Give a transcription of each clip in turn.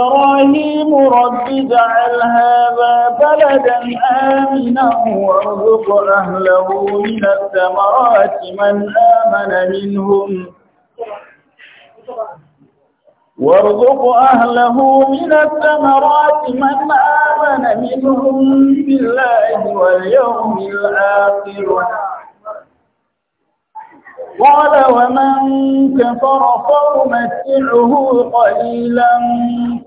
إبراهيم رب اجعل هذا بلدا آمنا وارزق أهله من الثمرات من آمن منهم وارزق أهله من الثمرات من آمن منهم بالله واليوم الآخر قال ومن كفر فأمتعه قليلا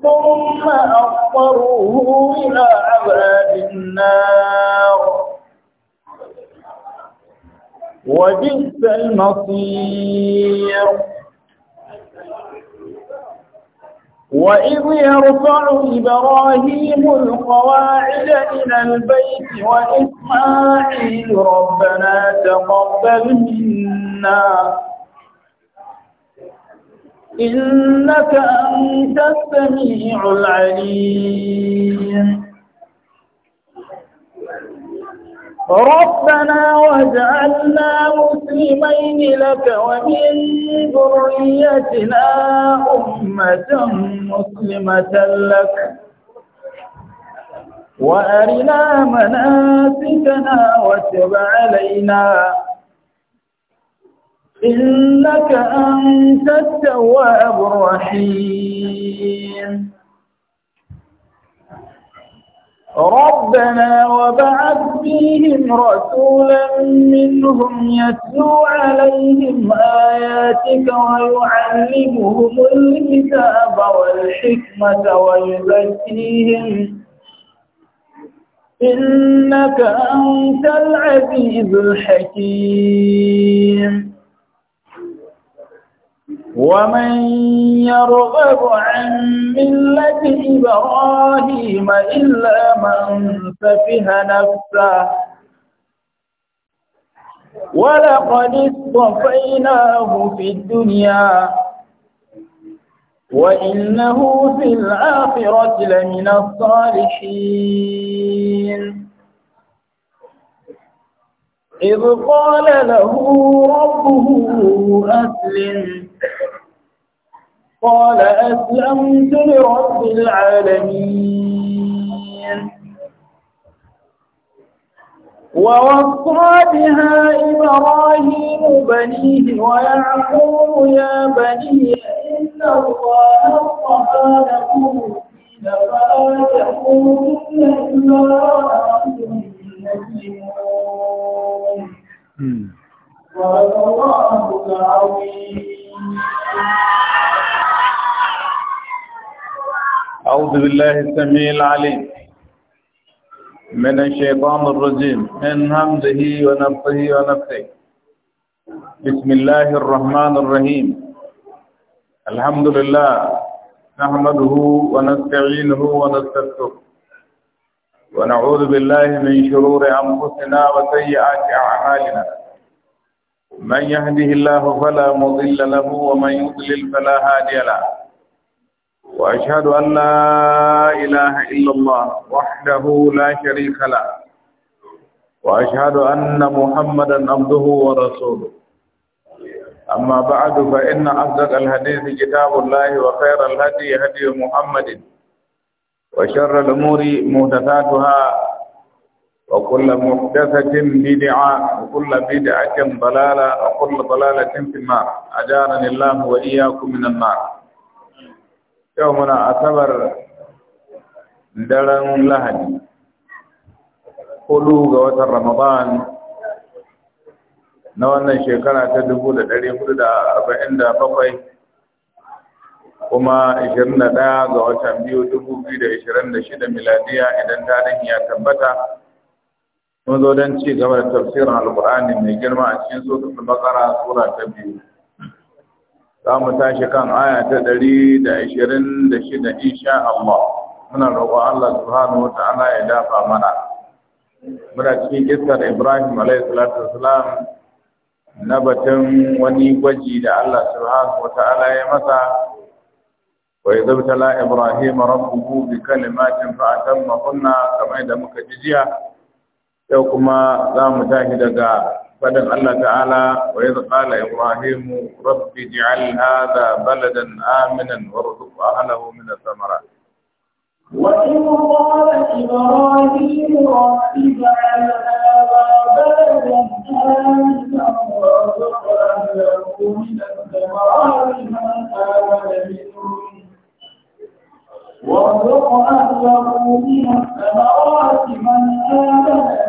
ثم أضطره إلى عذاب النار وبئس المصير وإذ يرفع إبراهيم القواعد إلى البيت وإسماعيل ربنا تقبل منا إنك أنت السميع العليم ربنا واجعلنا مسلمين لك ومن ذريتنا أمة مسلمة لك وأرنا مناسكنا وتب علينا إنك أنت التواب الرحيم ربنا وبعث فيهم رسولا منهم يتلو عليهم آياتك ويعلمهم الكتاب والحكمة ويزكيهم إنك أنت العزيز الحكيم ومن يرغب عن ملة إبراهيم إلا من سفه نفسه ولقد اصطفيناه في الدنيا وإنه في الآخرة لمن الصالحين إذ قال له ربه أسلم قال أسلمت لرب العالمين ووصى بها إبراهيم بنيه ويعقوب يا بني إن الله اصطفى لكم الدين فلا تموتن إلا وأنتم مسلمون صدق الله العظيم أعوذ بالله السميع العليم من الشيطان الرجيم من همزه ونفسه ونفسه بسم الله الرحمن الرحيم الحمد لله نحمده ونستعينه ونستغفره ونعوذ بالله من شرور أنفسنا وسيئات أعمالنا من يهده الله فلا مضل له ومن يضلل فلا هادي له وأشهد أن لا إله إلا الله وحده لا شريك له وأشهد أن محمدا عبده ورسوله أما بعد فإن أصدق الحديث كتاب الله وخير الهدي هدي محمد وشر الأمور محدثاتها وكل محدثة بدعة وكل بدعة ضلالة وكل ضلالة في النار أجارني الله وإياكم من النار يومنا أعتبر daren لهج hudu ga watan نوانا na تدبول shekara قلد dubu da da kuma ishirin da 21 ga watan biyu dubu biyu da da shida miladiya idan tarihi ya tabbata mun zo don ci gaba da tafsirin alkur'ani mai girma a cikin suratul bakara sura ta biyu za mu tashi kan aya ta ɗari da ashirin da shida insha Allah muna roƙon Allah subhanahu wa ta'ala ya dafa mana muna cikin iskar Ibrahim alaihi salatu wasalam na batun wani gwaji da Allah subhanahu wa ta'ala ya masa wa idza tala Ibrahim rabbuhu bi kalimatin fa atamma kunna kamar da muka ji jiya yau kuma za mu tashi daga fadin Allah ta'ala wa yadda qala ibrahim rabbi ij'al hadha baladan aminan warzuq ahlahu min ath-thamarat وإذ قال إبراهيم رب اجعل هذا بلدا آمنا وارزق أهله من الثمرات من آمن منهم وارزق أهله من الثمرات من آمن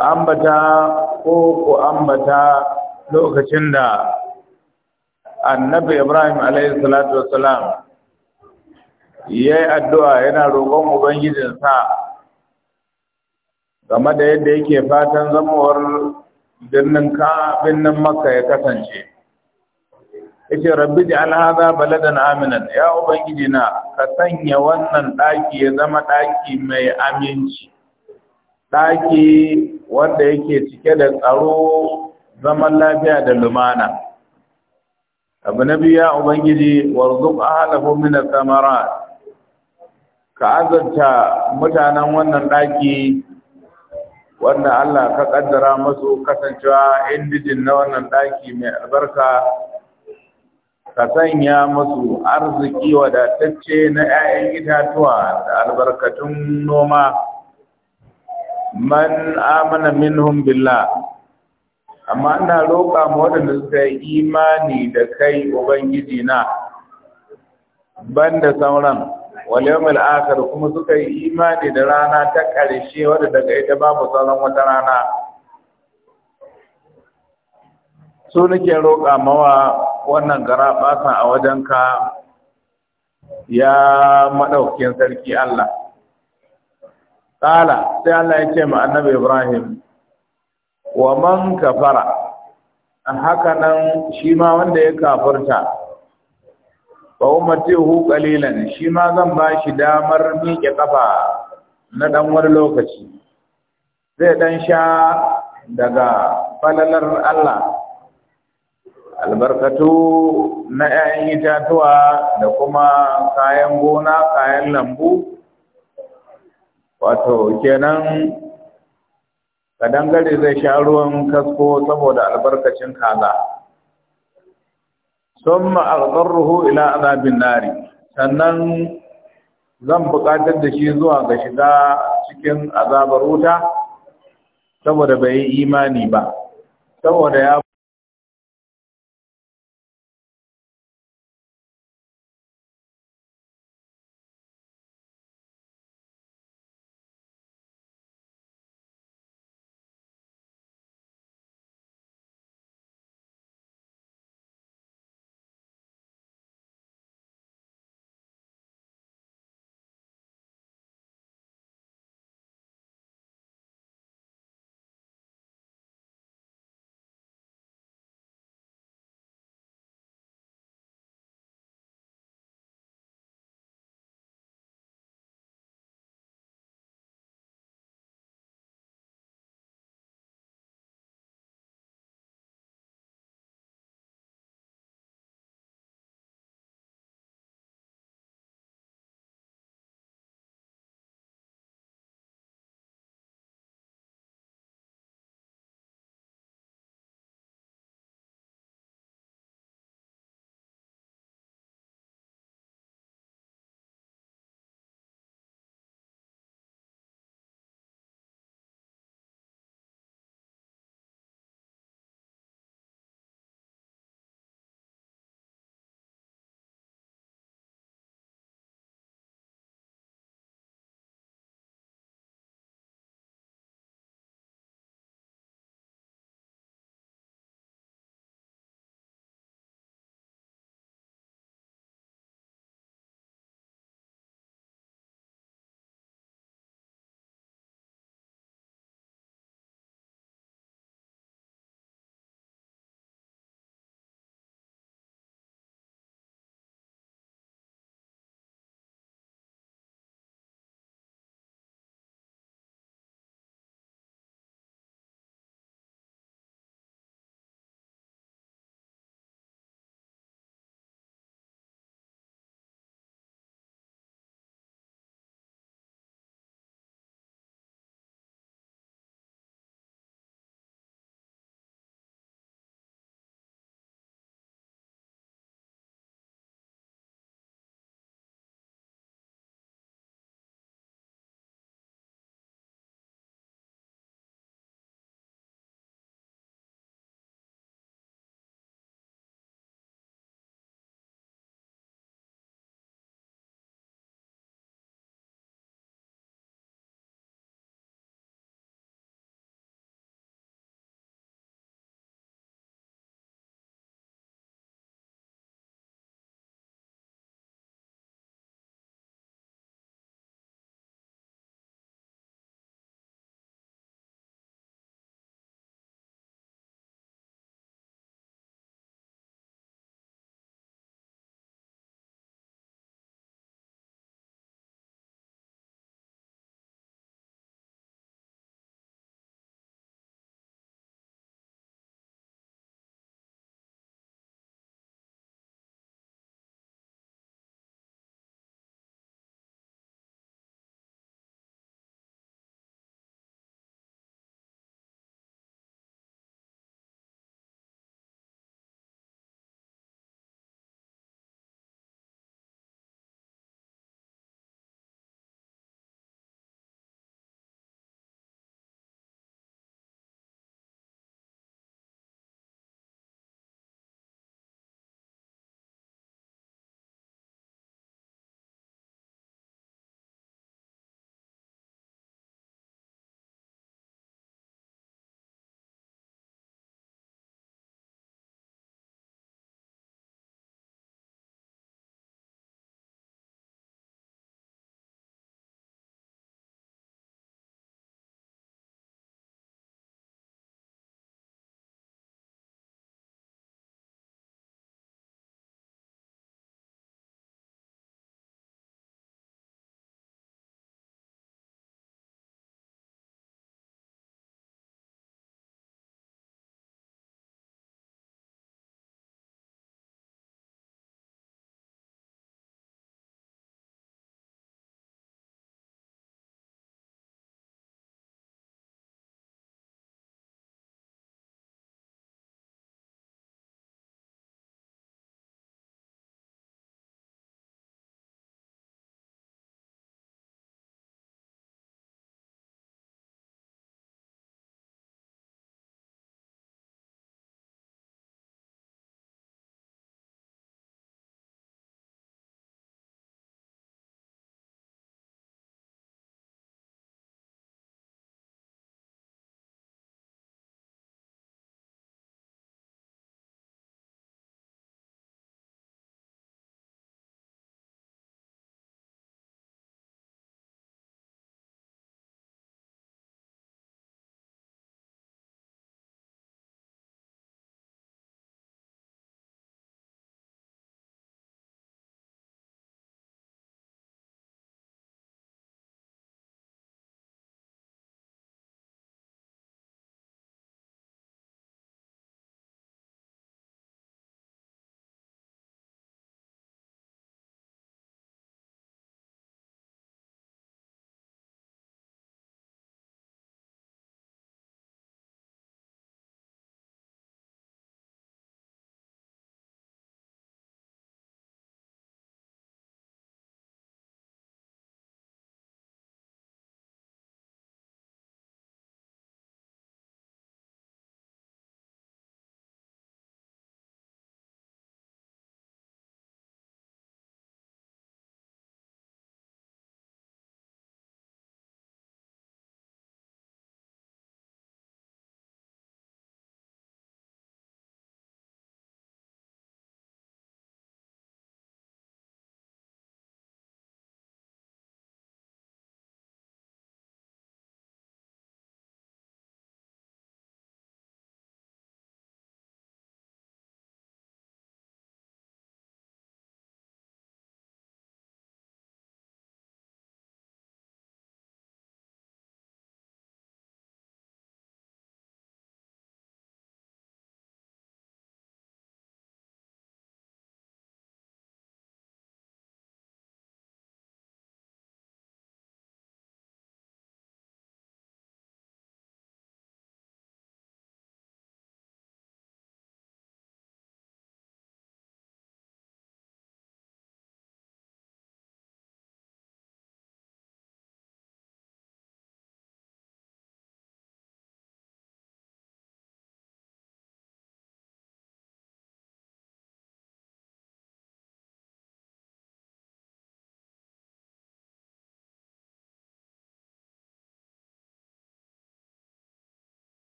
ka ambata ko ku ambata lokacin da annabi Ibrahim alayhi salatu wassalam yayi addu'a yana roƙon ubangijinsa game da yadda yake fatan zamowar birnin ka birnin Makka ya kasance yace rabbi al hadha baladan aminan ya ubangiji ka sanya wannan daki ya zama daki mai aminci ɗaki wanda yake cike da tsaro zaman lafiya da lumana abu na biyu ya ubangiji warzuq ahlahu min ath-thamarat ka azanta mutanen wannan ɗaki wanda Allah ka kaddara masu kasancewa indijin na wannan ɗaki mai albarka ka sanya masu arziki wadatacce na 'ya'yan itatuwa da albarkatun noma man amana minhum billah amma ina roƙa mu waɗanda suka yi imani da kai ubangiji na banda sauran wal yawmil akhir kuma suka yi imani da rana ta ƙarshe wadda daga ita babu sauran wata rana su nake roƙa mawa wannan gara a wajenka ya maɗaukin sarki Allah Kala sai Allah ya ce ma annabi Ibrahim, wa man kafara, haka nan shi ma wanda ya kafarta, ba hu kalilan shi ma zan ba shi damar miƙe ƙafa na ɗan wani lokaci. Zai ɗan sha daga falalar Allah, albarkatu na ‘ya'yan itatuwa da kuma kayan gona, kayan lambu. wato kenan ka dangare zai sha ruwan kasko saboda albarkacin kaza summa aghdarruhu ila azabin nari sannan zan buƙatar da shi zuwa ga shiga cikin azabar wuta saboda bai yi imani ba saboda ya